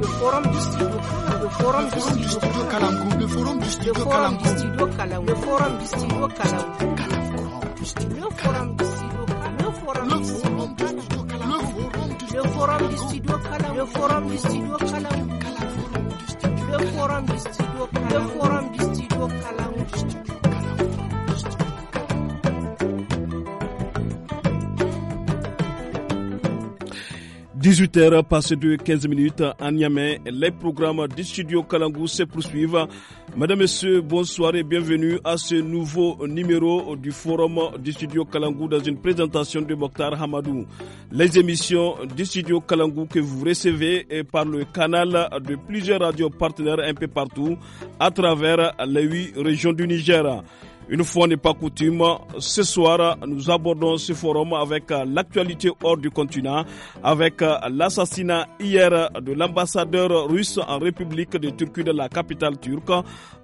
le forum du studio le forum du studio Calamcom le forum du studio Calamcom le forum du studio Calamcom le forum du studio le forum du studio le forum du studio le forum du studio le forum du studio le forum du studio 18h passé de 15 minutes à Niamey. Les programmes du studio Kalangou se poursuivent. Mesdames, Messieurs, bonsoir et bienvenue à ce nouveau numéro du forum du studio Kalangou dans une présentation de Mokhtar Hamadou. Les émissions du studio Kalangou que vous recevez par le canal de plusieurs radios partenaires un peu partout à travers les huit régions du Niger. Une fois n'est pas coutume, ce soir, nous abordons ce forum avec euh, l'actualité hors du continent, avec euh, l'assassinat hier de l'ambassadeur russe en République de Turquie de la capitale turque.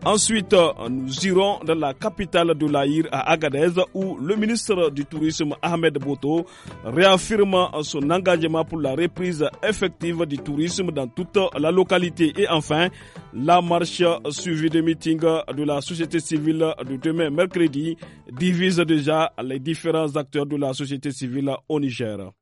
Ensuite, nous irons dans la capitale de l'Aïr à Agadez où le ministre du Tourisme Ahmed Boto réaffirme son engagement pour la reprise effective du tourisme dans toute la localité. Et enfin, la marche suivie des meetings de la société civile de demain mercredi divise déjà les différents acteurs de la société civile au Niger.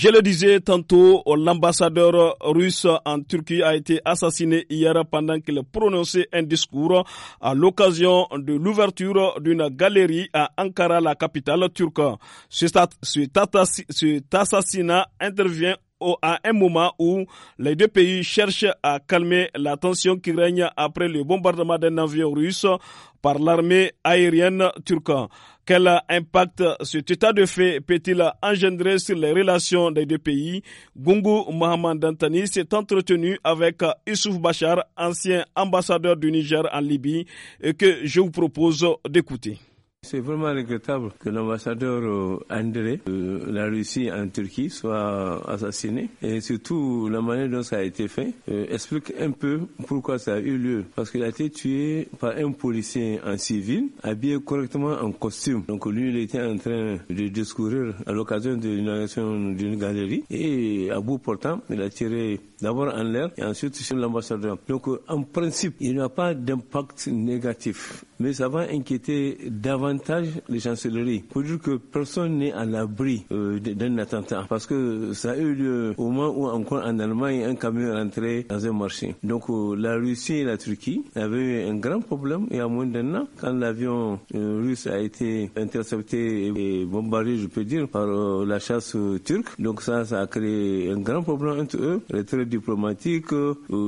Je le disais tantôt, l'ambassadeur russe en Turquie a été assassiné hier pendant qu'il prononçait un discours à l'occasion de l'ouverture d'une galerie à Ankara, la capitale turque. Cet assassinat intervient à un moment où les deux pays cherchent à calmer la tension qui règne après le bombardement d'un avion russe par l'armée aérienne turque. Quel impact cet état de fait peut-il engendrer sur les relations des deux pays Gungu Mohamed Antani s'est entretenu avec Issouf Bachar, ancien ambassadeur du Niger en Libye, que je vous propose d'écouter. C'est vraiment regrettable que l'ambassadeur euh, André de euh, la Russie en Turquie soit assassiné et surtout la manière dont ça a été fait euh, explique un peu pourquoi ça a eu lieu. Parce qu'il a été tué par un policier en civil habillé correctement en costume. Donc lui, il était en train de discourir à l'occasion de l'inauguration d'une galerie et à bout portant, il a tiré d'abord en l'air et ensuite sur l'ambassadeur. Donc en principe, il n'y a pas d'impact négatif mais ça va inquiéter davantage les chancelleries. Pour dire que personne n'est à l'abri euh, d'un attentat, parce que ça a eu lieu au moment où encore en Allemagne un camion est rentré dans un marché. Donc euh, la Russie et la Turquie avaient eu un grand problème il y a moins d'un an, quand l'avion euh, russe a été intercepté et, bombardé, je peux dire, par la chasse turque, donc ça, ça a créé un grand problème entre eux, retrait diplomatique,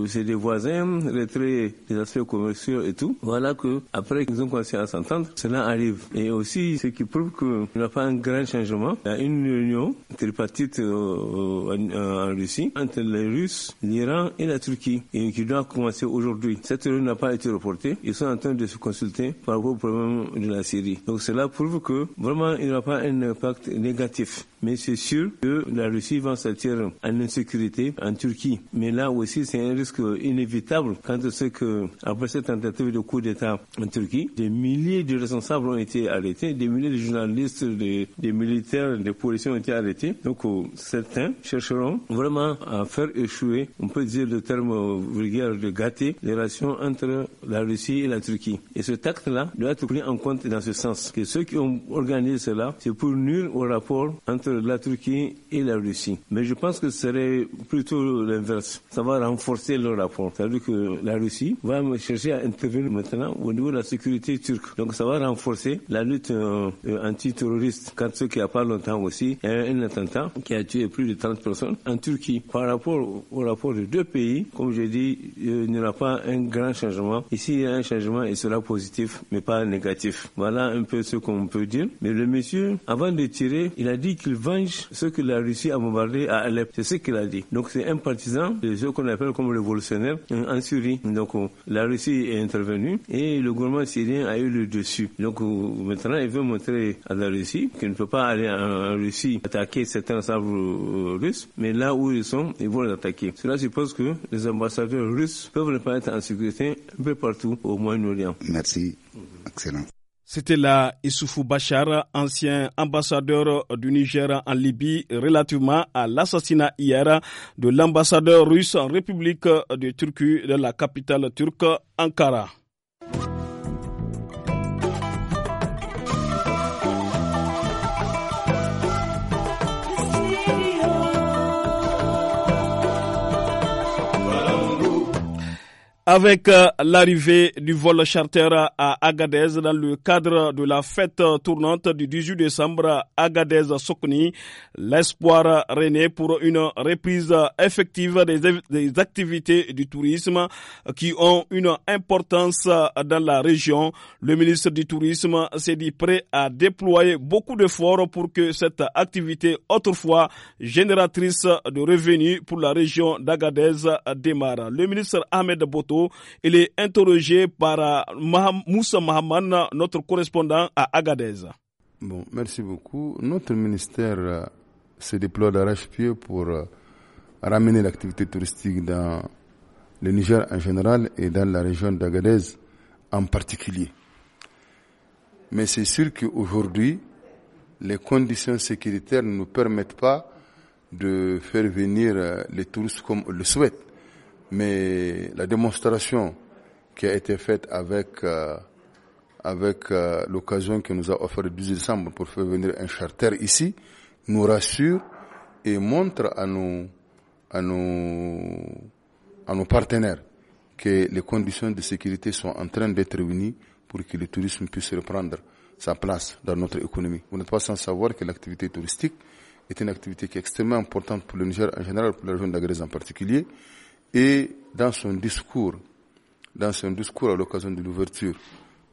c'est des voisins, retrait des aspects commerciaux et tout. Voilà que après qu'ils ont commencé à s'entendre. Cela arrive. Et aussi, ce qui prouve qu'il n'y a pas un grand changement. Il y a une réunion tripartite euh, euh, euh, en Russie entre les Russes, l'Iran et la Turquie, et qui doit commencer aujourd'hui. Cette réunion n'a pas été reportée. Ils sont en train de se consulter par rapport au problème de la Syrie. Donc cela prouve que vraiment, il n'y a pas un impact négatif. Mais c'est sûr que la Russie va sortir en insécurité en Turquie. Mais là aussi, c'est un risque inévitable quand on sait que, après cette tentative de coup d'État en Turquie, des milliers de responsables ont été arrêtés, des milliers de journalistes, des, militaires, des policiers ont été arrêtés. Donc, euh, certains chercheront vraiment à faire échouer, on peut dire le terme vulgaire de gâter, les relations entre la Russie et la Turquie. Et ce tact là doit être pris en compte dans ce sens. Que ceux qui ont organisé cela, c'est pour nuire au rapport entre la Turquie et la Russie. Mais je pense que ce serait plutôt l'inverse. Ça va renforcer le rapport. cest que la Russie va chercher à intervenir maintenant au niveau de la sécurité turque. Donc ça va renforcer la lutte anti euh, antiterroriste. Quand ce qui a pas longtemps aussi, un attentat qui a tué plus de 30 personnes en Turquie. Par rapport au, rapport de deux pays, comme j'ai dit, euh, il n'y aura pas un grand changement. Ici, il y a un changement et sera positif, mais pas négatif. Voilà un peu ce qu'on peut dire. Mais le monsieur, avant de tirer, il a dit qu'il venge ce que la Russie a bombardé à Alep. C'est ce qu'il a dit. Donc c'est un partisan, ce qu'on appelle comme révolutionnaire, en Syrie. Donc euh, la Russie est intervenue et le gouvernement syrien a eu le dessus. Donc euh, maintenant, il veut montrer à la Russie qu'il ne peut pas aller en Russie attaquer certains sabres euh, russes, mais là où ils sont, ils vont les attaquer. Cela suppose que les ambassadeurs russes peuvent ne pas être en sécurité un peu partout au Moyen-Orient. Merci. Excellent. C'était là Issoufou Bachar, ancien ambassadeur du Niger en Libye, relativement à l'assassinat hier de l'ambassadeur russe en République de Turquie, de la capitale turque, Ankara. Avec euh, l'arrivée du vol charter à Agadez dans le cadre de la fête tournante du 18 décembre Agadez-Sokni, l'espoir renaît pour une reprise effective des, activités du tourisme qui ont une importance dans la région. Le ministre du Tourisme s'est dit prêt à déployer beaucoup d'efforts pour que cette activité autrefois génératrice de revenus pour la région d'Agadez démarre. Le ministre Ahmed Boto il est interrogé par euh, Moussa Mahaman, notre correspondant à Agadez. Bon, merci beaucoup. Notre ministère euh, se déploie d'arrache-pied pour euh, ramener l'activité touristique dans le Niger en général et dans la région d'Agadez en particulier. Mais c'est sûr qu'aujourd'hui, les conditions sécuritaires ne nous permettent pas de faire venir les touristes comme on le souhaite. Mais la démonstration qui a été faite avec euh, avec euh, l'occasion que nous a offert le 12 décembre pour faire venir un charter ici nous rassure et montre à nos à nos à nos partenaires que les conditions de sécurité sont en train d'être réunies pour que le tourisme puisse reprendre sa place dans notre économie. Vous n'êtes pas sans savoir que l'activité touristique est une activité qui est extrêmement importante pour le Niger en général, pour la région Grèce en particulier. Et dans son discours, dans son discours à l'occasion de l'ouverture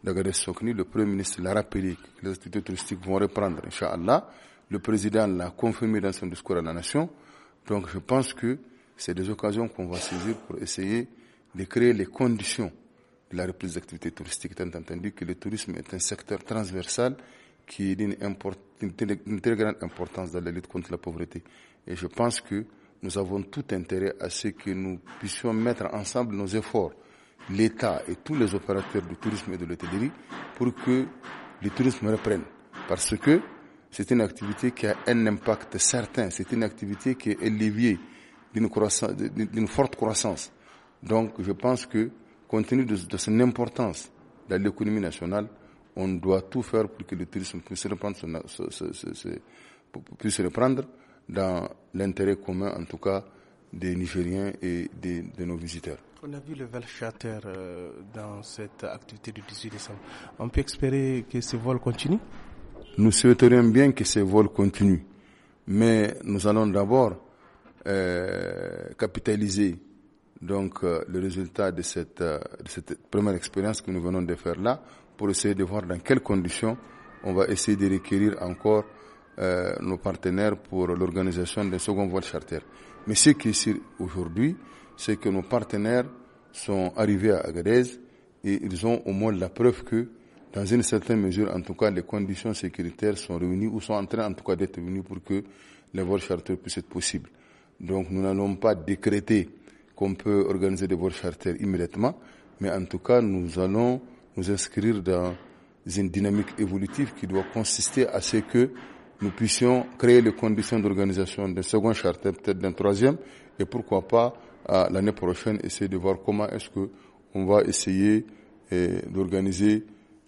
d'Agadez Sokni, le Premier ministre l'a rappelé que les activités touristiques vont reprendre, Inch'Allah. Le président l'a confirmé dans son discours à la nation. Donc je pense que c'est des occasions qu'on va saisir pour essayer de créer les conditions de la reprise des activités touristiques, étant entendu que le tourisme est un secteur transversal qui est d'une très grande importance dans la lutte contre la pauvreté. Et je pense que nous avons tout intérêt à ce que nous puissions mettre ensemble nos efforts, l'État et tous les opérateurs du tourisme et de l'hôtellerie, pour que le tourisme reprenne. Parce que c'est une activité qui a un impact certain, c'est une activité qui est levier d'une croissance, d'une forte croissance. Donc je pense que, compte tenu de, son importance dans l'économie nationale, on doit tout faire pour que le tourisme puisse reprendre, puisse reprendre dans l'intérêt commun, en tout cas, des Nigériens et de, nos visiteurs. On a vu le vol charter euh, dans cette activité du 18 décembre. On peut espérer que ce vol continue Nous souhaiterions bien que ce vol continue, mais nous allons d'abord euh, capitaliser donc euh, le résultat de cette, euh, de cette première expérience que nous venons de faire là pour essayer de voir dans quelles conditions on va essayer de requérir encore euh, nos partenaires pour l'organisation des second vol charter. Mais ce qui est aujourd'hui, c'est que nos partenaires sont arrivés à Agadez et ils ont au moins la preuve que, dans une certaine mesure, en tout cas, les conditions sécuritaires sont réunies ou sont en train, en tout cas, d'être réunies pour que les vols charter puissent être possibles. Donc, nous n'allons pas décréter qu'on peut organiser des vols charter immédiatement, mais en tout cas, nous allons nous inscrire dans une dynamique évolutive qui doit consister à ce que nous puissions créer les conditions d'organisation d'un second charter, peut-être d'un troisième, et pourquoi pas l'année prochaine essayer de voir comment est-ce que on va essayer eh, d'organiser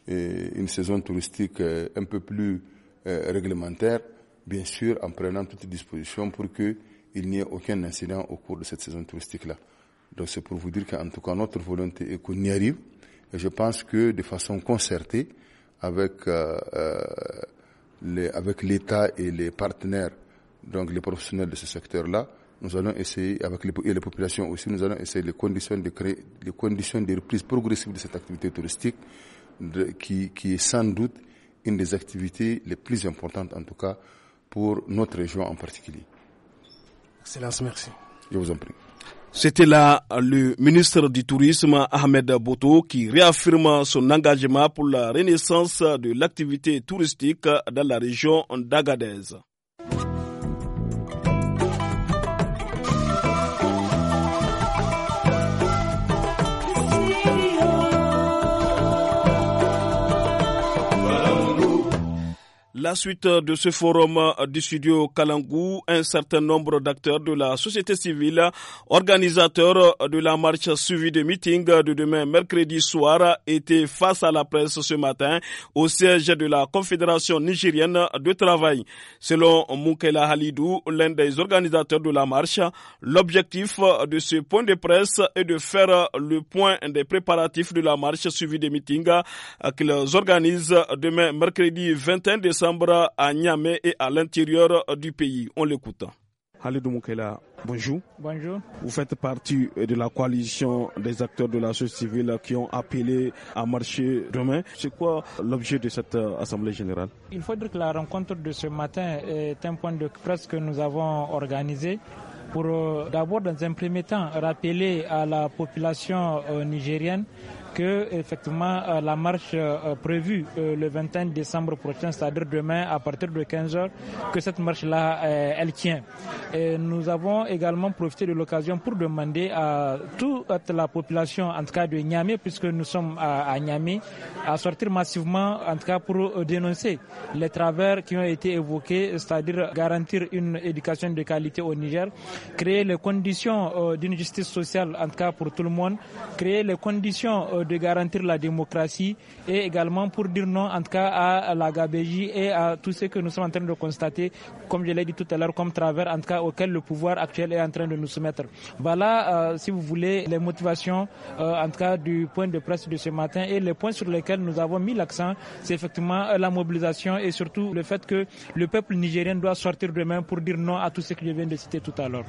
eh, une saison touristique eh, un peu plus réglementaire, bien sûr en prenant toutes les dispositions pour que il n'y ait aucun incident au cours de cette saison touristique-là. Donc c'est pour vous dire qu'en tout cas notre volonté est qu'on y arrive. Et je pense que de façon concertée avec euh, euh, avec l'État et les partenaires, donc les professionnels de ce secteur-là, nous allons essayer, avec les, et les populations aussi, nous allons essayer les conditions de créer, les conditions de reprise progressive de cette activité touristique, qui, qui est sans doute une des activités les plus importantes, en tout cas, pour notre région en particulier. Excellence, merci. Je vous en prie. C'était là le ministre du Tourisme Ahmed Boto qui réaffirma son engagement pour la renaissance de l'activité touristique dans la région d'Agadez. La suite de ce forum du studio Kalangou, un certain nombre d'acteurs de la société civile, organisateurs de la marche suivie de meetings de demain mercredi soir, étaient face à la presse ce matin au siège de la Confédération nigérienne de travail. Selon Moukela Halidou, l'un des organisateurs de la marche, l'objectif de ce point de presse est de faire le point des préparatifs de la marche suivie des meetings qu'ils organisent demain mercredi 21 décembre à Niamey et à l'intérieur euh, du pays. On l'écoute. Moukela, bonjour. Bonjour. Vous faites partie euh, de la coalition des acteurs de la société civile qui ont appelé à marcher demain. C'est quoi l'objet de cette euh, Assemblée générale Il faut dire que la rencontre de ce matin est un point de presse que nous avons organisé pour d'abord, dans un premier temps, rappeler à la population nigérienne que effectivement euh, la marche euh, prévue euh, le 21 décembre prochain, c'est-à-dire demain à partir de 15h, que cette marche-là, elle tient. Et nous avons également profité de l'occasion pour demander à toute la population, en tout cas de Niamey, puisque nous sommes à, Niamey, à sortir massivement, en tout cas pour dénoncer les travers qui ont été évoqués, c'est-à-dire garantir une éducation de qualité au Niger, créer les conditions d'une justice sociale, en tout cas pour tout le monde, créer les conditions de garantir la démocratie et également pour dire non, en tout cas, à la gabégie et à tout ce que nous sommes en train de constater, comme je l'ai dit tout à l'heure, comme travers, en tout cas, auquel le pouvoir actuel est en train de nous soumettre. Voilà, euh, si vous voulez, les motivations, euh, en tout cas, du point de presse de ce matin et les points sur lesquels nous avons mis l'accent, c'est effectivement euh, la mobilisation et surtout le fait que le peuple nigérien doit sortir demain pour dire non à tout ce que je viens de citer tout à l'heure.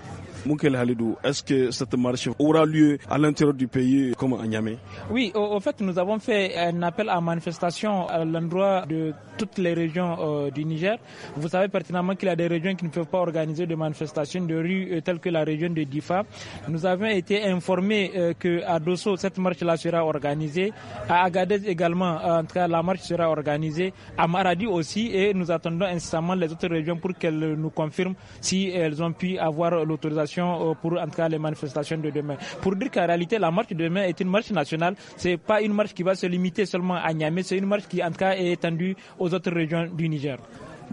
Moukel Halidou, est-ce que cette marche aura lieu à l'intérieur du pays comme à Niamey Oui, oui, au, fait, nous avons fait un appel à manifestation à l'endroit de toutes les régions euh, du Niger. Vous savez pertinemment qu'il y a des régions qui ne peuvent pas organiser de manifestations de rue euh, telles que la région de Difa. Nous avons été informés qu'à euh, que à Dosso, cette marche-là sera organisée. À Agadez également, en tout cas, la marche sera organisée. À Maradi aussi, et nous attendons incessamment les autres régions pour qu'elles nous confirment si elles ont pu avoir l'autorisation pour, entrer à les manifestations de demain. Pour dire qu'en réalité, la marche de demain est une marche nationale c'est pas une marche qui va se limiter seulement à Niamey, c'est une marche qui en tout cas est étendue aux autres régions du Niger.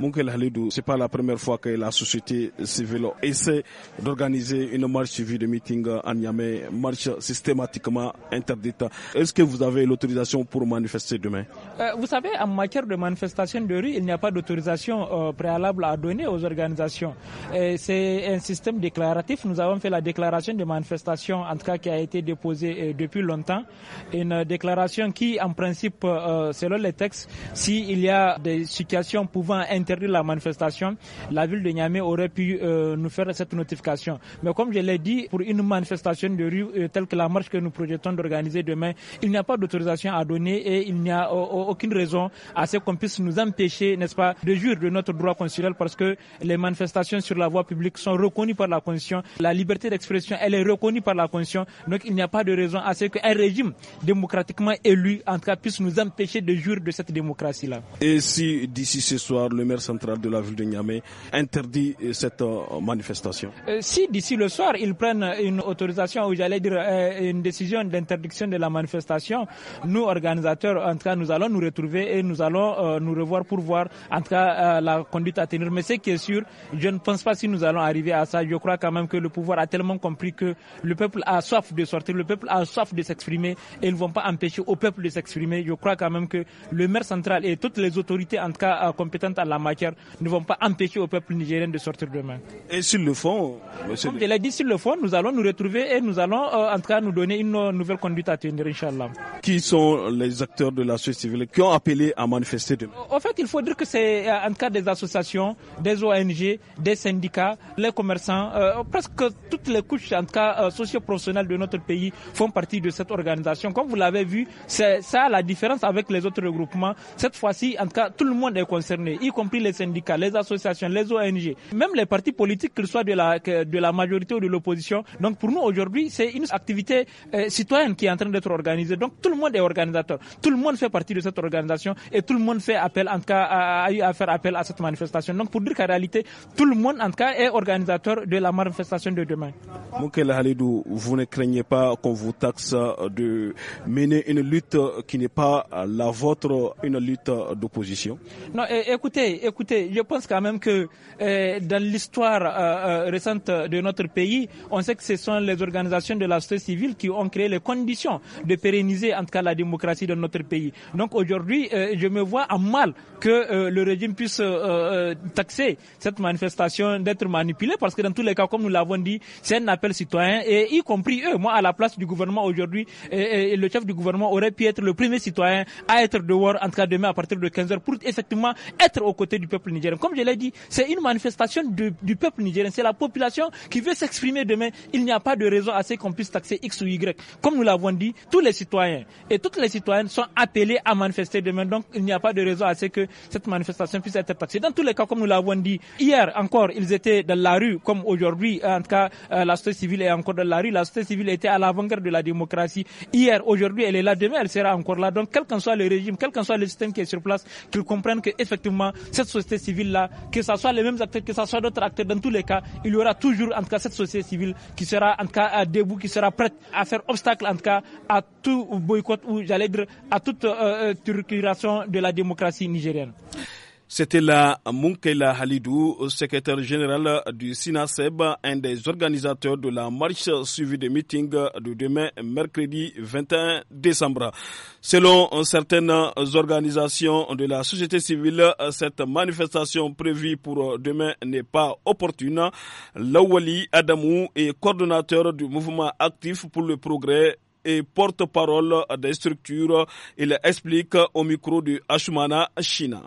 Ce Halidou, c'est pas la première fois que la société civile essaie d'organiser une marche suivie de meeting en Niamey, marche systématiquement interdite. Est-ce que vous avez l'autorisation pour manifester demain euh, Vous savez, en matière de manifestation de rue, il n'y a pas d'autorisation euh, préalable à donner aux organisations. C'est un système déclaratif. Nous avons fait la déclaration de manifestation, en tout cas qui a été déposée euh, depuis longtemps. Une déclaration qui, en principe, selon les textes, s'il y a des situations pouvant interdire la manifestation, la ville de Niamey aurait pu euh, nous faire cette notification. Mais comme je l'ai dit, pour une manifestation de rue euh, telle que la marche que nous projetons d'organiser demain, il n'y a pas d'autorisation à donner et il n'y a euh, aucune raison à ce qu'on puisse nous empêcher, n'est-ce pas, de jouir de notre droit constitutionnel parce que les manifestations sur la voie publique sont reconnues par la Constitution. La liberté d'expression, elle est reconnue par la Constitution. Donc il n'y a pas de raison à ce qu'un régime démocratiquement élu, en tout cas, puisse nous empêcher de jouir de cette démocratie-là. Et si d'ici ce soir, le maire central de la ville de Niamey interdit euh, cette euh, manifestation. Euh, si d'ici le soir, ils prennent une autorisation ou j'allais dire une décision d'interdiction de la manifestation, nous, organisateurs, en tout cas, nous allons nous retrouver et nous allons nous revoir pour voir, en tout cas, la conduite à tenir. Mais ce qui est sûr, je ne pense pas si nous allons arriver à ça. Je crois quand même que le pouvoir a tellement compris que le peuple a soif de sortir, le peuple a soif de s'exprimer et ils ne vont pas empêcher au peuple de s'exprimer. Je crois quand même que le maire central et toutes les autorités, en tout cas, compétentes à la matière ne vont pas empêcher au peuple nigérien de sortir demain. Et sur le fond Comme je l'ai dit, sur le fond, nous allons nous retrouver et nous allons euh, en tout cas nous donner une euh, nouvelle conduite à tenir, Inch'Allah. Qui sont les acteurs de la société civile qui ont appelé à manifester demain En fait, il faut dire que c'est euh, en tout cas des associations, des ONG, des syndicats, les commerçants, presque toutes les couches en tout cas euh, socio-professionnelles de notre pays font partie de cette organisation. Comme vous l'avez vu, c'est ça la différence avec les autres regroupements. Cette fois-ci, en tout cas, tout le monde est concerné, y compris les syndicats, les associations, les ONG, même les partis politiques, qu'ils soient de la, de la majorité ou de l'opposition. Donc pour nous aujourd'hui, c'est une activité euh, citoyenne qui est en train d'être organisée. Donc tout le monde est organisateur, tout le monde fait partie de cette organisation et tout le monde fait appel en tout cas à, faire appel à cette manifestation. Donc pour dire qu'en réalité, tout le monde en tout cas est organisateur de la manifestation de demain. Moukela Halidou, vous ne craignez pas qu'on vous taxe de mener une lutte qui n'est pas la vôtre, une lutte d'opposition Non, écoutez, écoutez, je pense quand même que euh, dans l'histoire euh, euh, récente de notre pays, on sait que ce sont les organisations de la société civile qui ont créé les conditions de pérenniser en tout cas la démocratie de notre pays. Donc aujourd'hui, je me vois à mal que le régime puisse taxer cette manifestation d'être manipulée parce que dans tous les cas, comme nous l'avons dit, c'est un appel citoyen et y compris eux. Moi, à la place du gouvernement aujourd'hui, le chef du gouvernement aurait pu être le premier citoyen à être dehors en tout cas demain à partir de 15h pour effectivement être au côtés du peuple nigérien. Comme je l'ai dit, c'est une manifestation du peuple nigérien. C'est la population qui veut s'exprimer demain. Il n'y a pas de raison à ce qu'on puisse taxer X ou Y. Comme nous l'avons dit, tous les citoyens et toutes les citoyennes sont appelés à manifester demain. Donc, il n'y a pas de raison à ce que cette manifestation puisse être taxée. Dans tous les cas, comme nous l'avons dit, hier encore, ils étaient dans la rue, comme aujourd'hui. Euh, en tout cas, euh, la société civile est encore dans la rue. La société civile était à l'avant-garde de la démocratie. Hier, aujourd'hui, elle est là. Demain, elle sera encore là. Donc, quel qu'en soit le régime, quel qu'en soit le système qui est sur place, qu'ils comprennent que, effectivement, cette société civile-là, que ce soit les mêmes acteurs, que ce soit d'autres acteurs, dans tous les cas, il y aura toujours, en tout cas, cette société civile qui sera, en tout cas, debout, qui sera prête à faire obstacle, en tout cas, à tout boycott ou, j'allais dire, à toute euh, euh de la démocratie nigérienne. C'était la Munkela Halidou, secrétaire général du SINASEB, un des organisateurs de la marche suivie des meetings de demain, mercredi 21 décembre. Selon certaines organisations de la société civile, cette manifestation prévue pour demain n'est pas opportune. Lawali Adamou est coordonnateur du mouvement actif pour le progrès et porte-parole des structures. Il explique au micro du Ashmana China.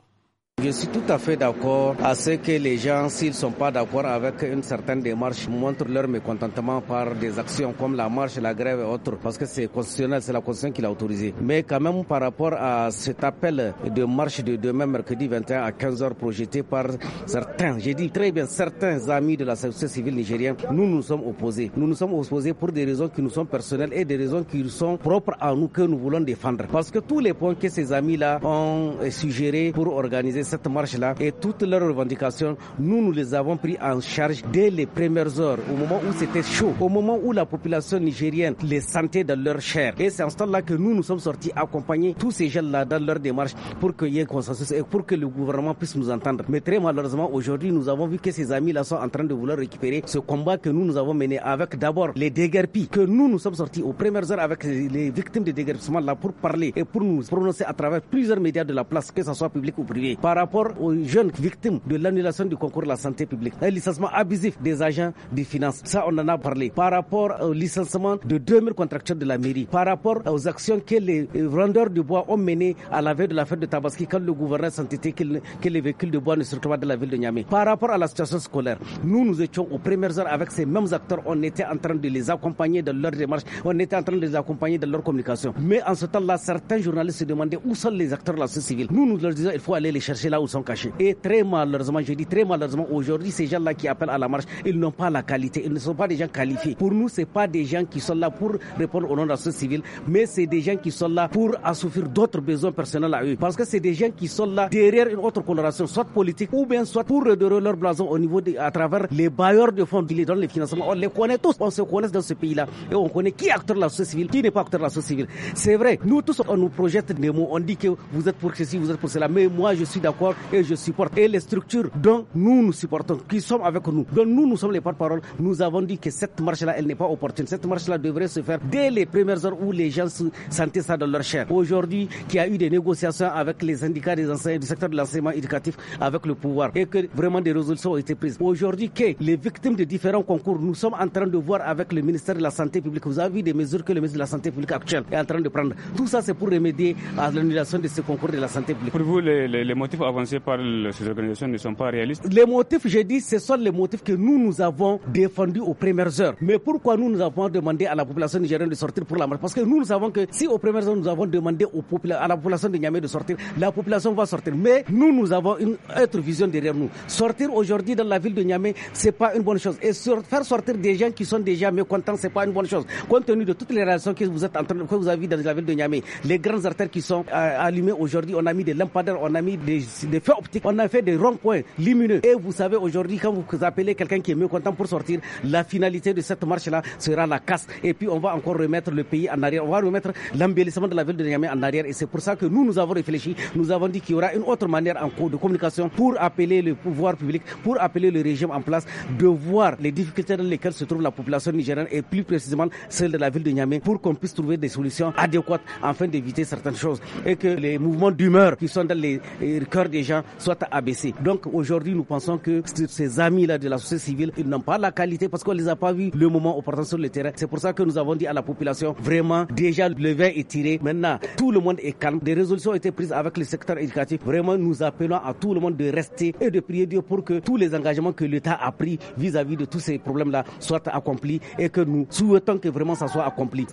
Je suis tout à fait d'accord à ce que les gens, s'ils ne sont pas d'accord avec une certaine démarche, montrent leur mécontentement par des actions comme la marche, la grève et autres, parce que c'est constitutionnel, c'est la Constitution qui l'a autorisé. Mais quand même, par rapport à cet appel de marche de demain, mercredi 21 à 15h, projeté par certains, j'ai dit très bien, certains amis de la société civile nigérienne, nous nous sommes opposés. Nous nous sommes opposés pour des raisons qui nous sont personnelles et des raisons qui sont propres à nous que nous voulons défendre. Parce que tous les points que ces amis-là ont suggérés pour organiser cette marche-là et toutes leurs revendications, nous, nous les avons pris en charge dès les premières heures, au moment où c'était chaud, au moment où la population nigérienne les sentait dans leur chair. Et c'est en ce temps-là que nous, nous sommes sortis accompagner tous ces jeunes-là dans leur démarche pour qu'il y ait un consensus et pour que le gouvernement puisse nous entendre. Mais très malheureusement, aujourd'hui, nous avons vu que ces amis-là sont en train de vouloir récupérer ce combat que nous, nous avons mené avec d'abord les déguerpis, que nous, nous sommes sortis aux premières heures avec les victimes de déguerpissements, là pour parler et pour nous prononcer à travers plusieurs médias de la place, que ce soit public ou privé. Par par rapport aux jeunes victimes de l'annulation du concours de la santé publique. Un licenciement abusif des agents des finances. Ça, on en a parlé. Par rapport au licenciement de 2000 contracteurs de la mairie. Par rapport aux actions que les euh, vendeurs de bois ont menées à la veille de la fête de Tabaski quand le gouverneur s'entêtait que, que les véhicules de bois ne retrouvaient pas de la ville de Niamey. Par rapport à la situation scolaire, nous, nous étions aux premières heures avec ces mêmes acteurs. On était en train de les accompagner dans leur démarche. On était en train de les accompagner dans leur communication. Mais en ce temps-là, certains journalistes se demandaient où sont les acteurs de la société civile. Nous, nous leur disons il faut aller les chercher là où sont cachés. Et très malheureusement, je dis très malheureusement, aujourd'hui, ces gens-là qui appellent à la marche, ils n'ont pas la qualité, ils ne sont pas des gens qualifiés. Pour nous, ce pas des gens qui sont là pour répondre au nom de la société civile, mais c'est des gens qui sont là pour assouffrir d'autres besoins personnels à eux. Parce que c'est des gens qui sont là derrière une autre coloration, soit politique ou bien soit pour redorer leur blason au niveau de, à travers les bailleurs de fonds qui les donnent les financements. On les connaît tous, on se connaît dans ce pays-là et on connaît qui est acteur de la société civile, qui n'est pas acteur de la société civile. C'est vrai, nous tous, on nous projette des mots, on dit que vous êtes pour ceci, vous êtes pour cela, mais moi, je suis d'accord et je supporte. Et les structures dont nous nous supportons, qui sommes avec nous, dont nous nous sommes les porte-parole, nous avons dit que cette marche-là, elle n'est pas opportune. Cette marche-là devrait se faire dès les premières heures où les gens sentaient ça dans leur chair. Aujourd'hui, qu'il y a eu des négociations avec les syndicats des enseignants du secteur de l'enseignement éducatif, avec le pouvoir, et que vraiment des résolutions ont été prises. Aujourd'hui, que les victimes de différents concours, nous sommes en train de voir avec le ministère de la Santé publique, vous avez vu des mesures que le ministre de la Santé publique actuel est en train de prendre. Tout ça, c'est pour remédier à l'annulation de ce concours de la santé publique. Pour vous, les, les motifs avancé par ces organisations ne sont pas réalistes Les motifs, j'ai dit, ce sont les motifs que nous, nous avons défendus aux premières heures. Mais pourquoi nous, nous avons demandé à la population nigérienne de sortir pour la marche Parce que nous, nous savons que si aux premières heures, nous avons demandé aux à la population de Niamey de sortir, la population va sortir. Mais nous, nous avons une autre vision derrière nous. Sortir aujourd'hui dans la ville de Niamey, c'est pas une bonne chose. Et faire sortir des gens qui sont déjà mécontents, c'est pas une bonne chose. Compte tenu de toutes les relations que vous êtes en train, que vous avez dans la ville de Niamey, les grandes artères qui sont euh, allumées aujourd'hui, on a mis des lampadaires, on a mis des des faits optiques. On a fait des ronds-points lumineux. Et vous savez, aujourd'hui, quand vous appelez quelqu'un qui est mieux content pour sortir, la finalité de cette marche-là sera la casse. Et puis, on va encore remettre le pays en arrière. On va remettre l'embellissement de la ville de Niamey en arrière. Et c'est pour ça que nous, nous avons réfléchi. Nous avons dit qu'il y aura une autre manière en de communication pour appeler le pouvoir public, pour appeler le régime en place, de voir les difficultés dans lesquelles se trouve la population nigérienne et plus précisément celle de la ville de Niamey pour qu'on puisse trouver des solutions adéquates afin d'éviter certaines choses et que les mouvements d'humeur qui sont dans les euh, cœurs des gens soit abaissé. Donc aujourd'hui, nous pensons que ces amis-là de la société civile, ils n'ont pas la qualité parce qu'on ne les a pas vus le moment opportun sur le terrain. C'est pour ça que nous avons dit à la population, vraiment, déjà le vin est tiré. Maintenant, tout le monde est calme. Des résolutions ont été prises avec le secteur éducatif. Vraiment, nous appelons à tout le monde de rester et de prier Dieu pour que tous les engagements que l'État a pris vis-à-vis -vis de tous ces problèmes-là soient accomplis et que nous souhaitons que vraiment ça soit accompli.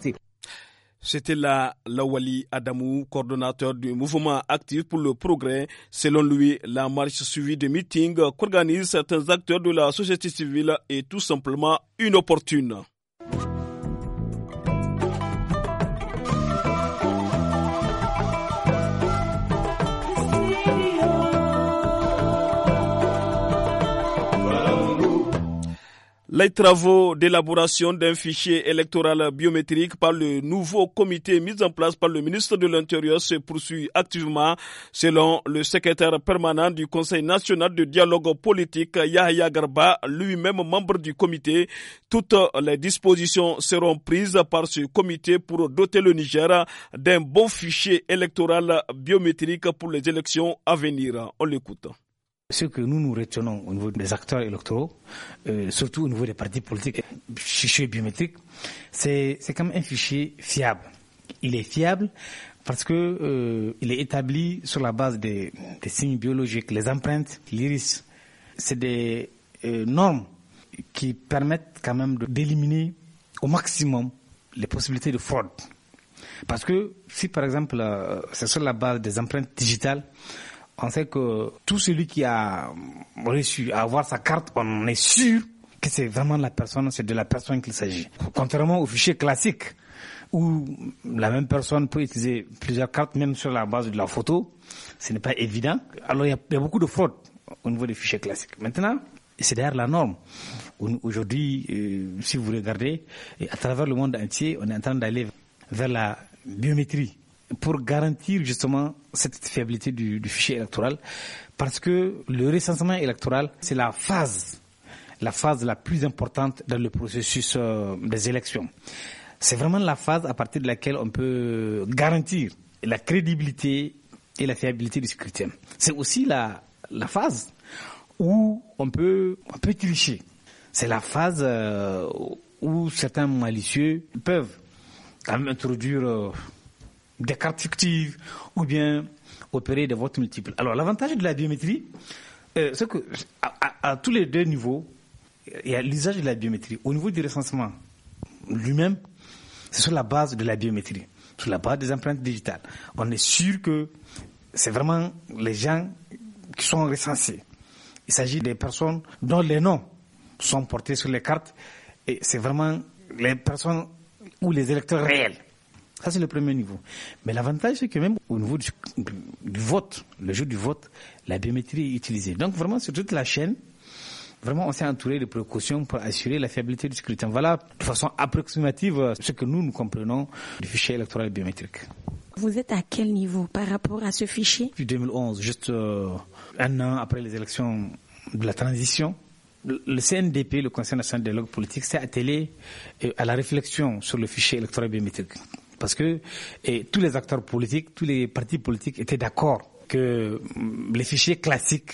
C'était là Lawali Adamou, coordonnateur du mouvement actif pour le progrès. Selon lui, la marche suivie de meetings qu'organisent certains acteurs de la société civile est tout simplement inopportune. Les travaux d'élaboration d'un fichier électoral biométrique par le nouveau comité mis en place par le ministre de l'Intérieur se poursuivent activement, selon le secrétaire permanent du Conseil national de dialogue politique, Yahya Garba, lui-même membre du comité. Toutes les dispositions seront prises par ce comité pour doter le Niger d'un bon fichier électoral biométrique pour les élections à venir. On l'écoute ce que nous nous retenons au niveau des acteurs électoraux, euh, surtout au niveau des partis politiques, fichiers biométriques, c'est quand même un fichier fiable. Il est fiable parce que euh, il est établi sur la base des, signes biologiques, les empreintes, l'iris. C'est des euh, normes qui permettent quand même d'éliminer au maximum les possibilités de fraude. Parce que si par exemple c'est sur la base des empreintes digitales, on sait que tout celui qui a reçu à avoir sa carte, on est sûr que c'est vraiment la personne, c'est de la personne qu'il s'agit. Contrairement aux fichiers classiques, où la même personne peut utiliser plusieurs cartes, même sur la base de la photo, ce n'est pas évident. Alors il y, a, beaucoup de fraudes au niveau des fichiers classiques. Maintenant, c'est d'ailleurs la norme. Aujourd'hui, euh, si vous regardez, à travers le monde entier, on est en train d'aller vers la biométrie pour garantir justement cette fiabilité du, du fichier électoral, parce que le recensement électoral, c'est la phase, la phase la plus importante dans le processus euh, des élections. C'est vraiment la phase à partir de laquelle on peut garantir la crédibilité et la fiabilité du scrutin. C'est aussi la, la phase où on peut, on peut tricher. C'est la phase euh, où certains malicieux peuvent introduire euh, des cartes fictives ou bien opérer des votes multiples. Alors l'avantage de la biométrie, euh, c'est que à, tous les deux niveaux, il y a l'usage de la biométrie. Au niveau du recensement lui-même, c'est sur la base de la biométrie, sur la base des empreintes digitales. On est sûr que c'est vraiment les gens qui sont recensés. Il s'agit des personnes dont les noms sont portés sur les cartes et c'est vraiment les personnes ou les électeurs réels. Ça, c'est le premier niveau. Mais l'avantage, c'est que même au niveau du, vote, le jour du vote, la biométrie est utilisée. Donc, vraiment, sur toute la chaîne, vraiment, on s'est entouré de précautions pour assurer la fiabilité du scrutin. Voilà, de façon approximative, euh, ce que nous, nous comprenons du fichier électoral biométrique. Vous êtes à quel niveau par rapport à ce fichier Depuis 2011, juste euh, un an après les élections de la transition, le CNDP, le Conseil national de dialogue politique, s'est attelé euh, à la réflexion sur le fichier électoral biométrique. Parce que tous les acteurs politiques, tous les partis politiques étaient d'accord que mm, les fichiers classiques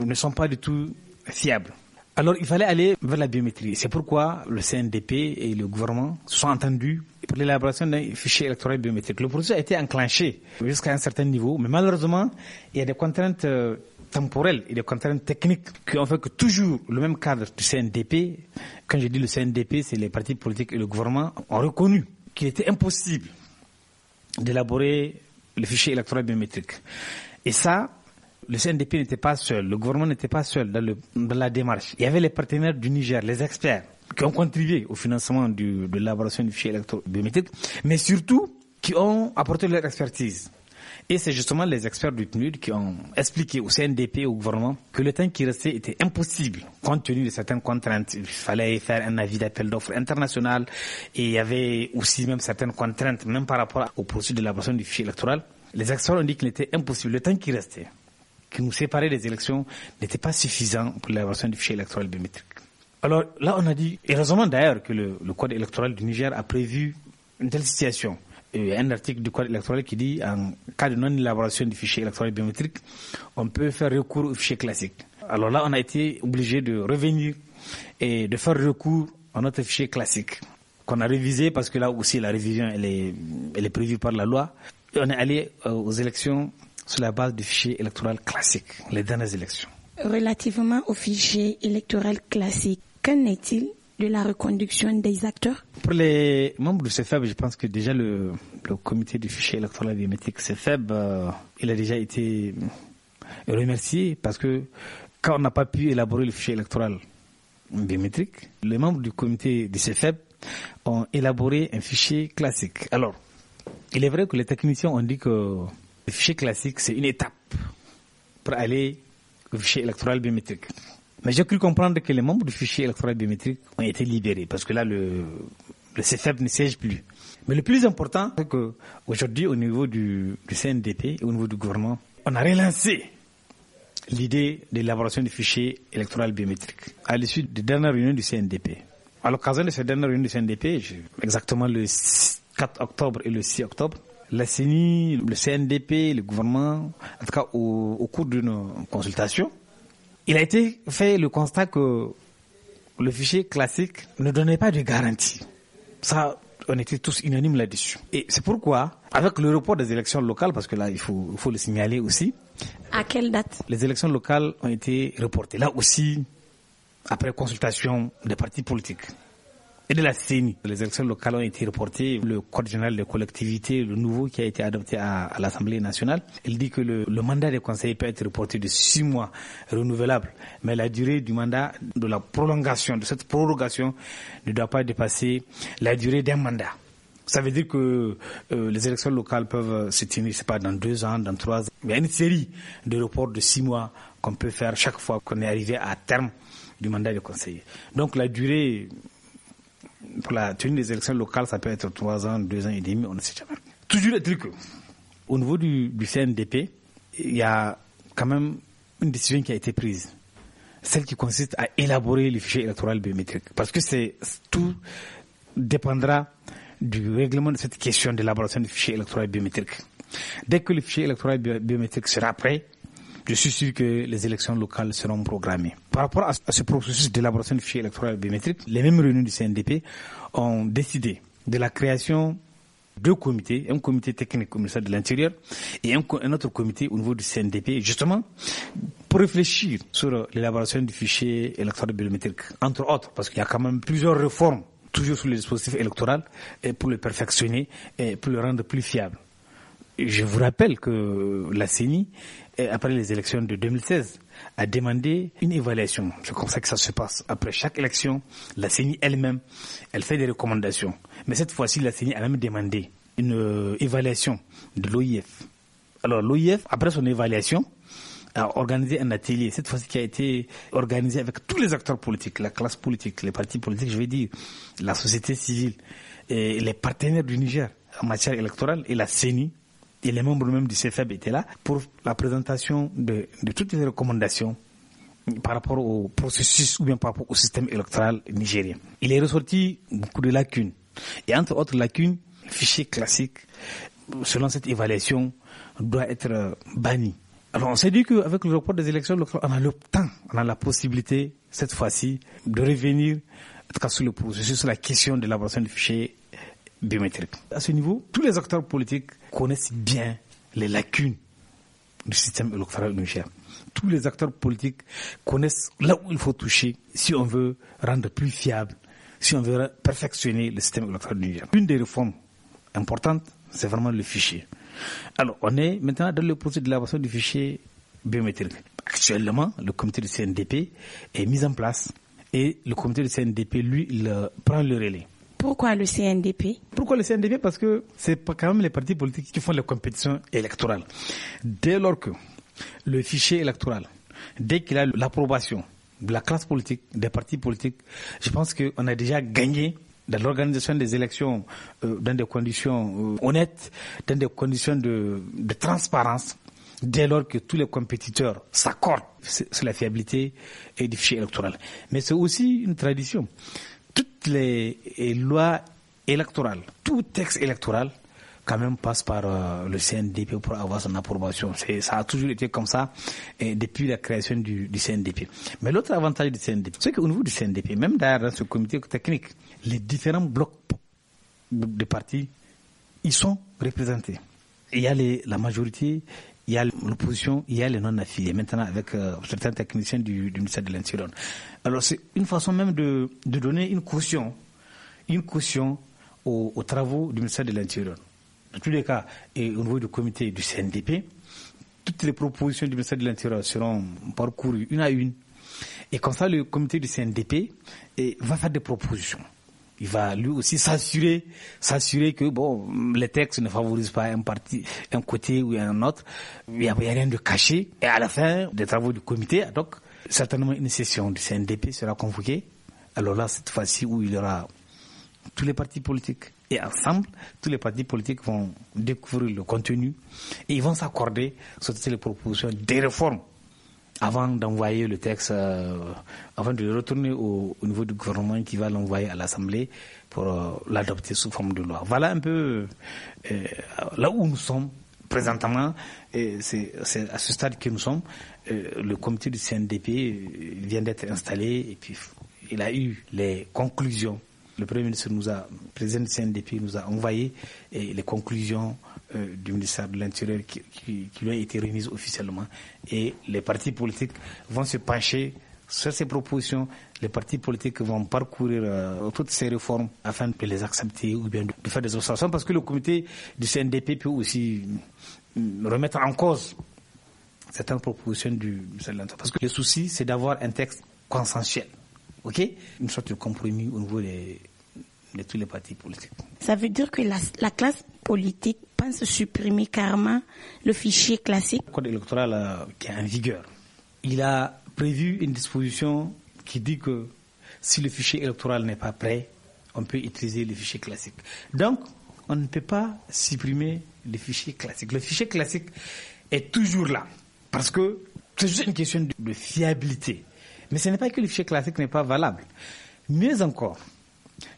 ne sont pas du tout fiables. Alors il fallait aller vers la biométrie. C'est pourquoi le CNDP et le gouvernement se sont entendus pour l'élaboration d'un fichier électoral biométrique. Le projet a été enclenché jusqu'à un certain niveau, mais malheureusement, il y a des contraintes euh, temporelles et des contraintes techniques qui ont fait que toujours le même cadre du CNDP, quand je dis le CNDP, c'est les partis politiques et le gouvernement, ont reconnu qu'il était impossible d'élaborer le fichier électoral biométrique. Et ça, le CNDP n'était pas seul, le gouvernement n'était pas seul dans, la démarche. Il y avait les partenaires du Niger, les experts, qui ont contribué au financement de l'élaboration du fichier électro biométrique, mais surtout qui ont apporté leur expertise. Et c'est justement les experts du TNUD qui ont expliqué au CNDP, et au gouvernement, que le temps qui restait était impossible compte tenu de certaines contraintes. Il fallait faire un avis d'appel d'offres international et il y avait aussi même certaines contraintes, même par rapport au processus de version du fichier électoral. Les experts ont dit qu'il était impossible. Le temps qui restait, qui nous séparait des élections, n'était pas suffisant pour l'élaboration du fichier électoral biométrique. Alors là, on a dit, heureusement d'ailleurs que le Code électoral du Niger a prévu une telle situation un article du code électoral qui dit en cas de non-élaboration du fichier électoral biométrique, on peut faire recours au fichier classique. Alors là, on a été obligé de revenir et de faire recours à notre fichier classique qu'on a révisé parce que là aussi la révision elle est, elle est prévue par la loi. Et on est allé euh, aux élections sur la base du fichier électoral classique, les dernières élections. Relativement au fichier électoral classique, qu'en est-il de la reconduction des acteurs Pour les membres du CFEB, je pense que déjà le, comité du fichier électoral biométrique CFEB, euh, il a déjà été remercié parce que quand on n'a pas pu élaborer le fichier électoral biométrique, les membres du comité du CFEB ont élaboré un fichier classique. Alors, il est vrai que les techniciens ont dit que le fichier classique, c'est une étape pour aller au fichier électoral biométrique. Mais j'ai cru comprendre que les membres du fichier électoral biométrique ont été libérés parce que là, le, le CFEB ne siège plus. Mais le plus important, c'est qu'aujourd'hui, au niveau du, du CNDP et au niveau du gouvernement, on a relancé l'idée d'élaboration du fichier électoral biométrique à l'issue des dernières réunions du CNDP. À l'occasion de cette dernière réunion du CNDP, exactement le 4 octobre et le 6 octobre, la CENI, le CNDP, le gouvernement, en tout cas au, au cours d'une consultation, il a été fait le constat que le fichier classique ne donnait pas de garantie. Ça, on était tous unanimes là-dessus. Et c'est pourquoi, avec le report des élections locales, parce que là, il faut, le signaler aussi. À quelle date Les élections locales ont été reportées. Là aussi, après consultation des partis politiques et de la CENI. Les élections locales ont été reportées. Le Code général de collectivités, le nouveau qui a été adopté à, l'Assemblée nationale, il dit que le, mandat des conseillers peut être reporté de six mois renouvelable, mais la durée du mandat, de la prolongation, de cette prorogation, ne doit pas dépasser la durée d'un mandat. Ça veut dire que euh, les élections locales peuvent se tenir, c'est pas dans deux ans, dans trois ans. Il y a une série de reports de six mois qu'on peut faire chaque fois qu'on est arrivé à terme du mandat de conseiller. Donc la durée pour la tenue des élections locales, ça peut être trois ans, deux ans et demi, on ne sait jamais. Toujours le truc. Au niveau du, du CNDP, il y a quand même une décision qui a été prise. Celle qui consiste à élaborer les fichiers électoraux biométriques. Parce que c'est tout dépendra du règlement de cette question d'élaboration du fichier électoral biométrique. Dès que le fichier électoral biométrique sera prêt, je suis sûr que les élections locales seront programmées. Par rapport à ce processus d'élaboration du fichier électoral biométrique, les mêmes réunions du CNDP ont décidé de la création de deux comités, un comité technique au de l'Intérieur et un, autre comité au niveau du CNDP, justement, pour réfléchir sur l'élaboration du fichier électoral biométrique, entre autres, parce qu'il y a quand même plusieurs réformes, toujours sur les dispositifs électoral, et pour le perfectionner et pour le rendre plus fiable. Je vous rappelle que la CENI après les élections de 2016, a demandé une évaluation. C'est comme ça que ça se passe. Après chaque élection, la CENI elle-même, elle fait des recommandations. Mais cette fois-ci, la CENI a même demandé une euh, évaluation de l'OIF. Alors l'OIF, après son évaluation, a organisé un atelier, cette fois-ci qui a été organisé avec tous les acteurs politiques, la classe politique, les partis politiques, je vais dire, la société civile, et les partenaires du Niger en matière électorale et la CENI et les membres même du CFEB étaient là pour la présentation de, toutes les recommandations par rapport au processus ou bien par rapport au système électoral nigérien. Il est ressorti beaucoup de lacunes. Et entre autres lacunes, le fichier classique, selon cette évaluation, doit être euh, banni. Alors on s'est dit qu'avec le report des élections, on a le temps, on a la possibilité, cette fois-ci, de revenir, en sur le processus, sur la question de l'élaboration du fichier biométrique. À ce niveau, tous les acteurs politiques connaissent bien les lacunes du système électoral Niger. Tous les acteurs politiques connaissent là où il faut toucher si on veut rendre plus fiable, si on veut perfectionner le système électoral Niger. Une des réformes importantes, c'est vraiment le fichier. Alors, on est maintenant dans le processus de l'élaboration du fichier biométrique. Actuellement, le comité du CNDP est mis en place et le comité du CNDP, lui, il euh, prend le relais. Pourquoi le CNDP Pourquoi le CNDP Parce que c'est quand même les partis politiques qui font les compétitions électorales. Dès lors que le fichier électoral, dès qu'il a l'approbation de la classe politique, des partis politiques, je pense qu'on a déjà gagné dans l'organisation des élections euh, dans des conditions euh, honnêtes, dans des conditions de, de transparence, dès lors que tous les compétiteurs s'accordent sur la fiabilité et du fichier électoral. Mais c'est aussi une tradition toutes les lois électorales, tout texte électoral, quand même passe par euh, le CNDP pour avoir son approbation. Ça a toujours été comme ça et depuis la création du, CNDP. Mais l'autre avantage du CNDP, c'est qu'au niveau du CNDP, même dans ce comité technique, les différents blocs de partis, ils sont représentés. Il y a les, la majorité, il y a l'opposition, il y a les non-affiliés, maintenant avec euh, certains techniciens du, ministère de l'Intérieur. Alors c'est une façon même de, donner une caution, une caution aux, travaux du ministère de l'Intérieur. Dans tous les cas, au niveau du comité du CNDP, toutes les propositions du ministère de l'Intérieur seront parcourues une à une. Et comme ça, le comité du CNDP eh, va faire des propositions il va lui aussi s'assurer, s'assurer que bon, les textes ne favorisent pas un parti, un côté ou un autre. Il n'y a, rien de caché. Et à la fin des travaux du comité, donc, certainement une session du CNDP sera convoquée. Alors là, cette fois-ci où il y aura tous les partis politiques et ensemble, tous les partis politiques vont découvrir le contenu et ils vont s'accorder sur toutes les propositions des réformes avant d'envoyer le texte, euh, avant de le retourner au, niveau du gouvernement qui va l'envoyer à l'Assemblée pour euh, l'adopter sous forme de loi. Voilà un peu euh, là où nous sommes présentement, c'est à ce stade que nous sommes. le comité du CNDP vient d'être installé et puis il a eu les conclusions. Le Premier ministre nous a, le président du CNDP nous a envoyé les conclusions euh, du ministère de l'Intérieur qui, lui a été remise officiellement. Et les partis politiques vont se pencher sur ces propositions. Les partis politiques vont parcourir euh, toutes ces réformes afin de les accepter ou bien de faire des observations parce que le comité du CNDP peut aussi mm, remettre en cause certaines propositions du ministère de l'Intérieur. Parce que le souci, c'est d'avoir un texte consensuel. OK Une sorte de compromis au niveau des de tous les partis politiques. Ça veut dire que la classe politique pense supprimer carrément le fichier classique. Le code électoral euh, qui est en vigueur, il a prévu une disposition qui dit que si le fichier électoral n'est pas prêt, on peut utiliser le fichier classique. Donc, on ne peut pas supprimer le fichier classique. Le fichier classique est toujours là parce que c'est juste une question de fiabilité. Mais ce n'est pas que le fichier classique n'est pas valable. Mieux encore,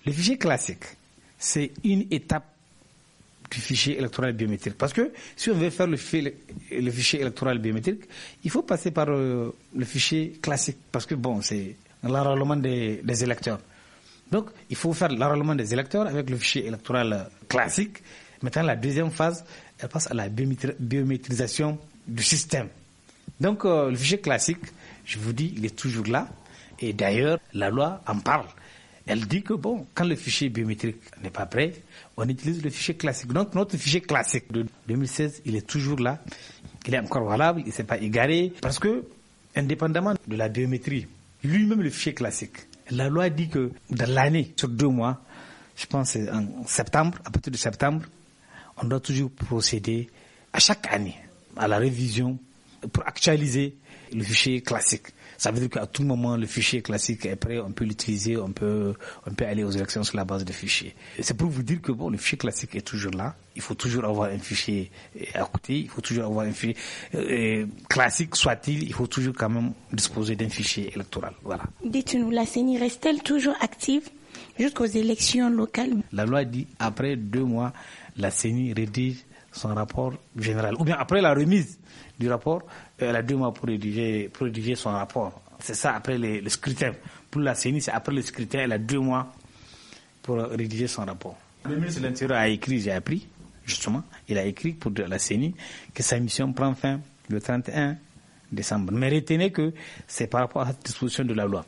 le fichier classique, c'est une étape du fichier électoral biométrique. Parce que si on veut faire le fichier, électoral biométrique, il faut passer par euh, le fichier classique. Parce que, bon, c'est l'enrôlement des, électeurs. Donc, il faut faire l'enrôlement des électeurs avec le fichier électoral euh, classique. Maintenant, la deuxième phase, elle passe à la biométrisation du système. Donc, euh, le fichier classique, je vous dis, il est toujours là. Et d'ailleurs, la loi en parle. Elle dit que bon, quand le fichier biométrique n'est pas prêt, on utilise le fichier classique. Donc notre fichier classique de 2016, il est toujours là. Il est encore valable, il ne s'est pas égaré. Parce que, indépendamment de la biométrie, lui-même le fichier classique, la loi dit que dans l'année, sur deux mois, je pense en septembre, à partir de septembre, on doit toujours procéder à chaque année à la révision pour actualiser le fichier classique. Ça veut dire qu'à tout moment, le fichier classique est prêt, on peut l'utiliser, on peut, on peut aller aux élections sur la base de fichiers. C'est pour vous dire que bon, le fichier classique est toujours là. Il faut toujours avoir un fichier euh, à côté. Il faut toujours avoir un fichier euh, classique, soit-il. Il faut toujours quand même disposer d'un fichier électoral. Voilà. Dites-nous, la CENI reste-t-elle toujours active jusqu'aux élections locales La loi dit après deux mois, la CENI rédige son rapport général. Ou bien après la remise du rapport, euh, elle a deux mois pour rédiger, son rapport. C'est ça après le, le scrutin. Pour la CENI, c'est après le scrutin, elle a deux mois pour rédiger son rapport. Le ministre de l'Intérieur a écrit, j'ai appris, justement, il a écrit pour la CENI que sa mission prend fin le 31 décembre. Mais retenez que c'est par rapport à cette disposition de la loi.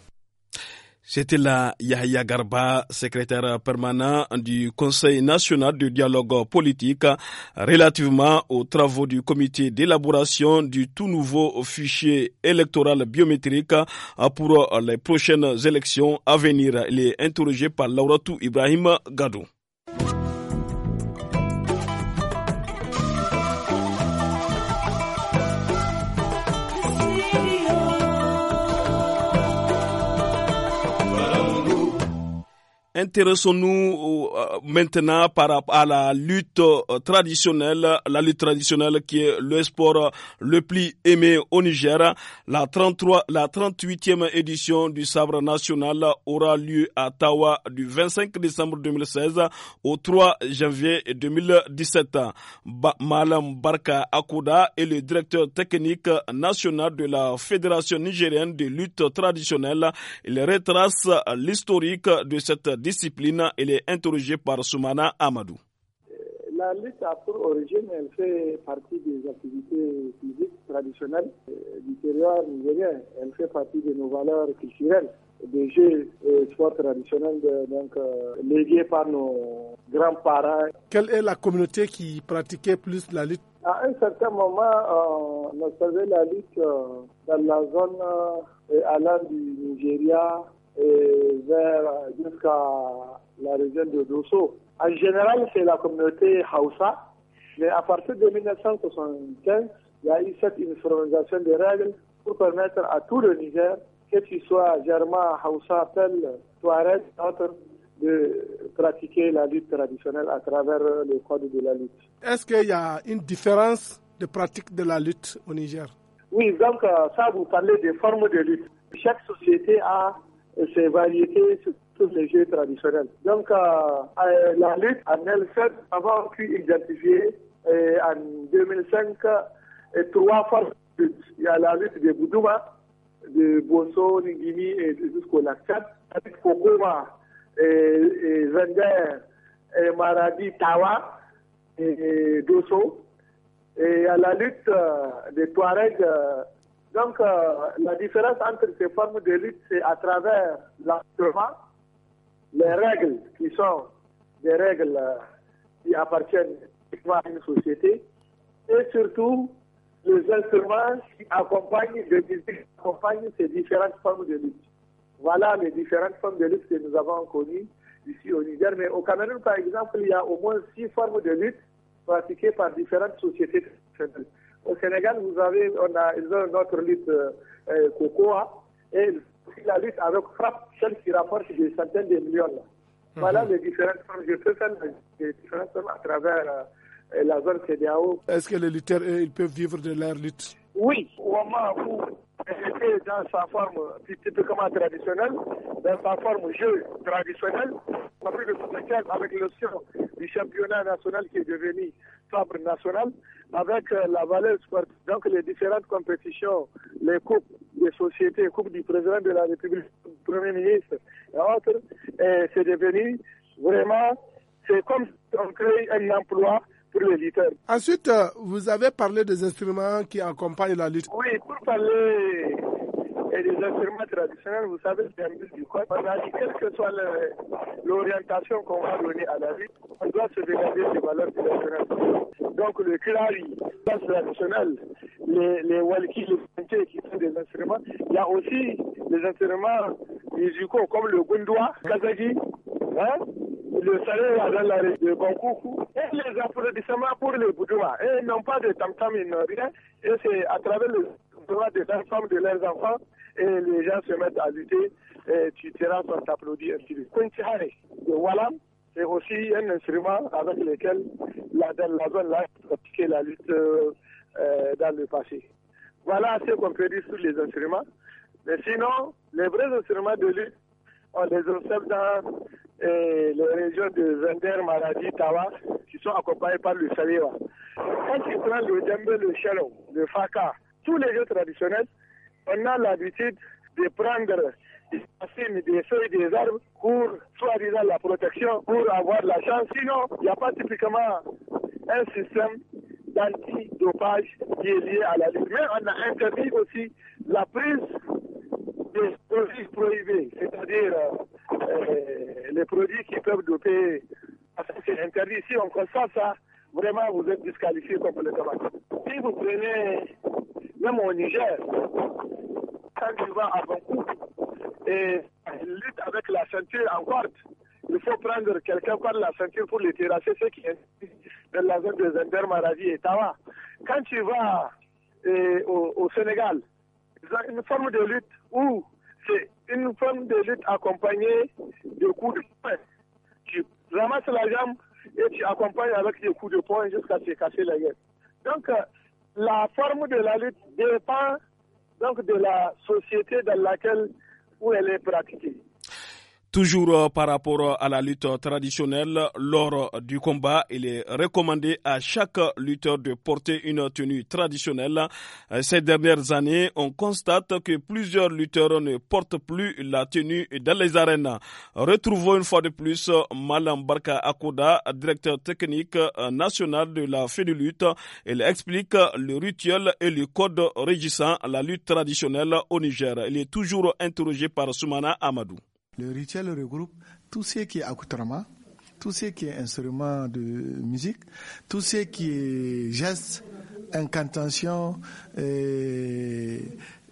C'était la Yahya Garba, secrétaire permanent du Conseil national de dialogue politique relativement aux travaux du comité d'élaboration du tout nouveau fichier électoral biométrique pour les prochaines élections à venir. Il est interrogé par Tou Ibrahim Gadou. Intéressons-nous euh, euh, maintenant par à la lutte euh, traditionnelle, la lutte traditionnelle qui est le sport le plus aimé au Niger. La 33, la 38e édition du sabre national aura lieu à Tawa du 25 décembre 2016 au 3 janvier 2017. Malam Barka Akuda est le directeur technique national de la Fédération nigérienne de lutte traditionnelle. Il retrace l'historique de cette discipline, il est interrogé par Soumana Amadou. Euh, la lutte à pour origine, elle fait partie des activités physiques traditionnelles euh, du territoire nigérien. Elle fait partie de nos valeurs culturelles, des jeux et sports traditionnels, euh, donc légués par nos grands-parents. Quelle est la communauté qui pratiquait plus la lutte À un certain moment, on observait la lutte dans la zone à allant du Nigeria vers jusqu'à la région de Dosso. En général, c'est la communauté Hausa, mais à partir de 1975, il y a eu cette uniformisation des règles pour permettre à tout le Niger, que tu soit Germain, Hausa, tel, Touareg, autres, de pratiquer la lutte traditionnelle à travers le code de la lutte. Est-ce qu'il y a une différence de pratique de la lutte au Niger Oui, donc euh, ça, vous parlez des formes de lutte. Chaque société a ces variétés sur les jeux traditionnels. Donc, euh, euh, la lutte en elle seule, avant pu identifier euh, en 2005 et trois fois de lutte. Il y a la lutte de Boudouma, de Bosso, Nigimi et jusqu'au Lacat, avec Kokoma, et, et Zender, et Maradi, Tawa et, et Dosso. Et a la lutte des Touaregs donc, euh, la différence entre ces formes de lutte, c'est à travers l'instrument, les règles qui sont des règles euh, qui appartiennent à une société, et surtout les instruments qui accompagnent, les musiques qui accompagnent ces différentes formes de lutte. Voilà les différentes formes de lutte que nous avons connues ici au Niger. Mais au Cameroun, par exemple, il y a au moins six formes de lutte pratiquées par différentes sociétés traditionnelles. Au Sénégal, vous avez, on a, ils ont notre lutte euh, euh, COCOA et la lutte avec frappe, celle qui rapporte des centaines de millions. Mhm. Voilà les différentes formes. Je peux faire des différentes formes à travers euh, la zone CDAO. Est-ce que les lutteurs, ils peuvent vivre de leur lutte Oui, au moment où dans sa forme typiquement traditionnelle, dans sa forme jeu traditionnel, avec l'option du championnat national qui est devenu table national, avec euh, la valeur sportive, donc les différentes compétitions, les coupes des sociétés, coupes du président de la République, premier ministre et autres, c'est devenu vraiment, c'est comme on crée un emploi pour Ensuite, euh, vous avez parlé des instruments qui accompagnent la lutte. Oui, pour parler et les instruments traditionnels, vous savez, c'est un but du code. quelle que soit l'orientation qu'on va donner à la vie, on doit se dégager des valeurs traditionnelles. Donc le Kirari, la traditionnel, les, les walkis, les pintés qui sont des instruments. Il y a aussi des instruments musicaux comme le gundwa, kazagi, hein, le salé dans la de Bankoku. Et les applaudissements pour les boudouas. Et ils n'ont pas de tam-tam, ils n'ont rien. Et c'est à travers le droit des enfants, de leurs enfants et les gens se mettent à lutter, et tu te rends compte t'applaudir un petit peu. le Walam, c'est aussi un instrument avec lequel la, zone a pratiqué la lutte euh, dans le passé. Voilà ce qu'on peut dire sur les instruments. Mais sinon, les vrais instruments de lutte, on les observe dans euh, les régions de Zender, Maradi, Tawa, qui sont accompagnés par le Salewa. Quand tu prends le djembe, le shalom, le faka, tous les jeux traditionnels, on a l'habitude de prendre des racines, des feuilles, des arbres pour soi-disant la protection, pour avoir la chance. Sinon, il n'y a pas typiquement un système d'anti-dopage qui est lié à la lutte. Mais on a interdit aussi la prise des produits prohibés, c'est-à-dire euh, les produits qui peuvent doper. C'est interdit. Si on constate ça, vraiment, vous êtes disqualifié complètement. Si vous prenez même au Niger, quand tu vas à Vancouver et lutte avec la ceinture en corde, il faut prendre quelqu'un par la ceinture pour le terrasser, ce qui est dans la zone de Zender, et Tawa. Quand tu vas eh, au, Sénégal, Sénégal, y a une forme de lutte où c'est une forme de lutte accompagnée de coups de poing. Tu ramasses la jambe et tu accompagnes avec des coups de poing jusqu'à te casser la gueule. Donc, euh, la forme de la lutte dépend donc de la société dans laquelle elle est pratiquée. Toujours euh, par rapport euh, à la lutte traditionnelle, lors euh, du combat, il est recommandé à chaque lutteur de porter une tenue traditionnelle. Ces dernières années, on constate que plusieurs lutteurs ne portent plus la tenue dans les arènes. Retrouvons une fois de plus Malam Barka Akoda, directeur technique national de la lutte. Il explique le rituel et le code régissant la lutte traditionnelle au Niger. Il est toujours interrogé par Soumana Amadou. Le rituel regroupe tout ce qui est accoutrement, tout ce qui est instrument de musique, tout ce qui est geste, incantation euh,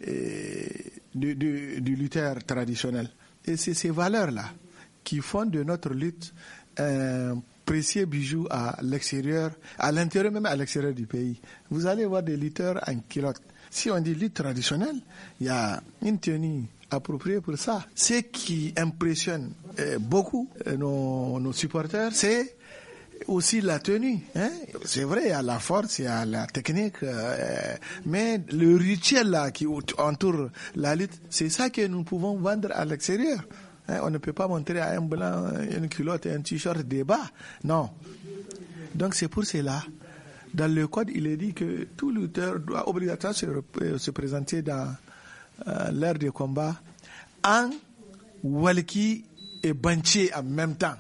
euh, du, du lutteur traditionnel. Et c'est ces valeurs-là qui font de notre lutte un précieux bijou à l'extérieur, à l'intérieur même à l'extérieur du pays. Vous allez voir des lutteurs en kilote. Si on dit lutte traditionnelle, il y a une tenue approprié pour ça. Ce qui impressionne eh, beaucoup eh, nos, nos supporters, c'est aussi la tenue. Hein. C'est vrai, il y a la force, il y a la technique, eh, mais le rituel là qui entoure la lutte, c'est ça que nous pouvons vendre à l'extérieur. Hein. On ne peut pas montrer à un blanc une culotte et un t-shirt débat. Non. Donc c'est pour cela. Dans le code, il est dit que tout lutteur doit obligatoirement se présenter dans euh, l'air de combat, en Walki et Banché en même temps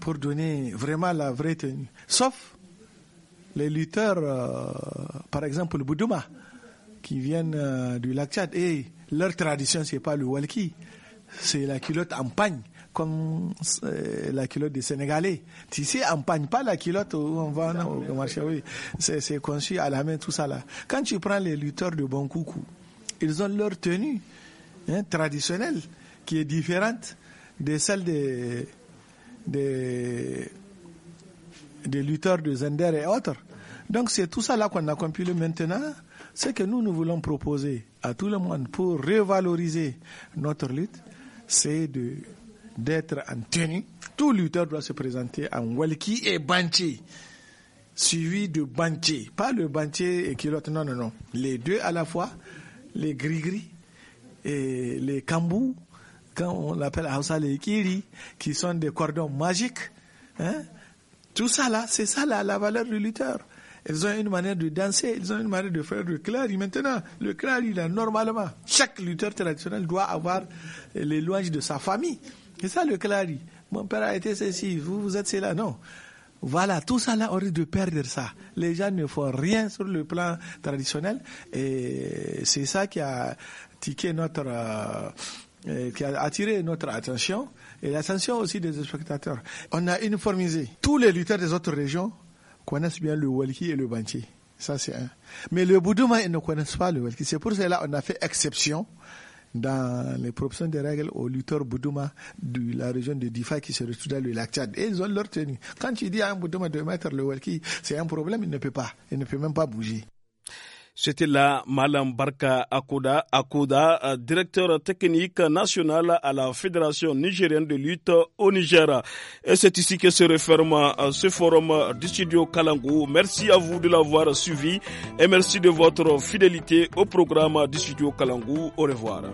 pour donner vraiment la vraie tenue. Sauf les lutteurs, euh, par exemple le Boudouma, qui viennent euh, du lac Tchad. Et leur tradition, c'est pas le Walki, c'est la culotte en pagne comme euh, la culotte des Sénégalais. Tu sais, on ne pagne pas la culotte où on va au marché. Oui. C'est conçu à la main, tout ça là. Quand tu prends les lutteurs de Coucou, ils ont leur tenue hein, traditionnelle qui est différente de celle des, des, lutteurs de Zender et autres. Donc c'est tout ça là qu'on a compilé maintenant. Ce que nous, nous voulons proposer à tout le monde pour revaloriser notre lutte, c'est de d'être en tenue. Tout lutteur doit se présenter en walkie et Banchi, suivi de Banchi. Pas le Banchi et kilote, non, non, non. Les deux à la fois, les gris-gris et les kambous, quand on l'appelle qui sont des cordons magiques. Hein. Tout ça là, c'est ça là, la valeur du lutteur. Ils ont une manière de danser, ils ont une manière de faire le clari. Maintenant, le il a normalement, chaque lutteur traditionnel doit avoir les louanges de sa famille. C'est ça le clari. Mon père a été ceci, vous, vous êtes cela. Non. Voilà, tout ça là, on risque de perdre ça. Les gens ne font rien sur le plan traditionnel et c'est ça qui a tiqué notre, euh, euh, qui a attiré notre attention et l'attention aussi des spectateurs. On a uniformisé. Tous les lutteurs des autres régions connaissent bien le walki et le banchi. Ça c'est un. Mais le boudouma, ils ne connaissent pas le walki. C'est pour cela qu'on a fait exception dans les proportions des règles aux lutteurs Boudouma de la région de Difa qui se retrouve dans le lac Tchad. Et ils ont leur tenue. Quand tu dis à un Boudouma de mettre le walkie, c'est un problème, il ne peut pas. Il ne peut même pas bouger. C'était là Malam Barka Akoda, Akoda, euh, directeur technique national à la Fédération nigérienne de lutte au Niger. Et c'est ici que se referme euh, ce forum du studio Kalangou. Merci à vous de l'avoir suivi et merci de votre fidélité au programme du studio Kalangou. Au revoir.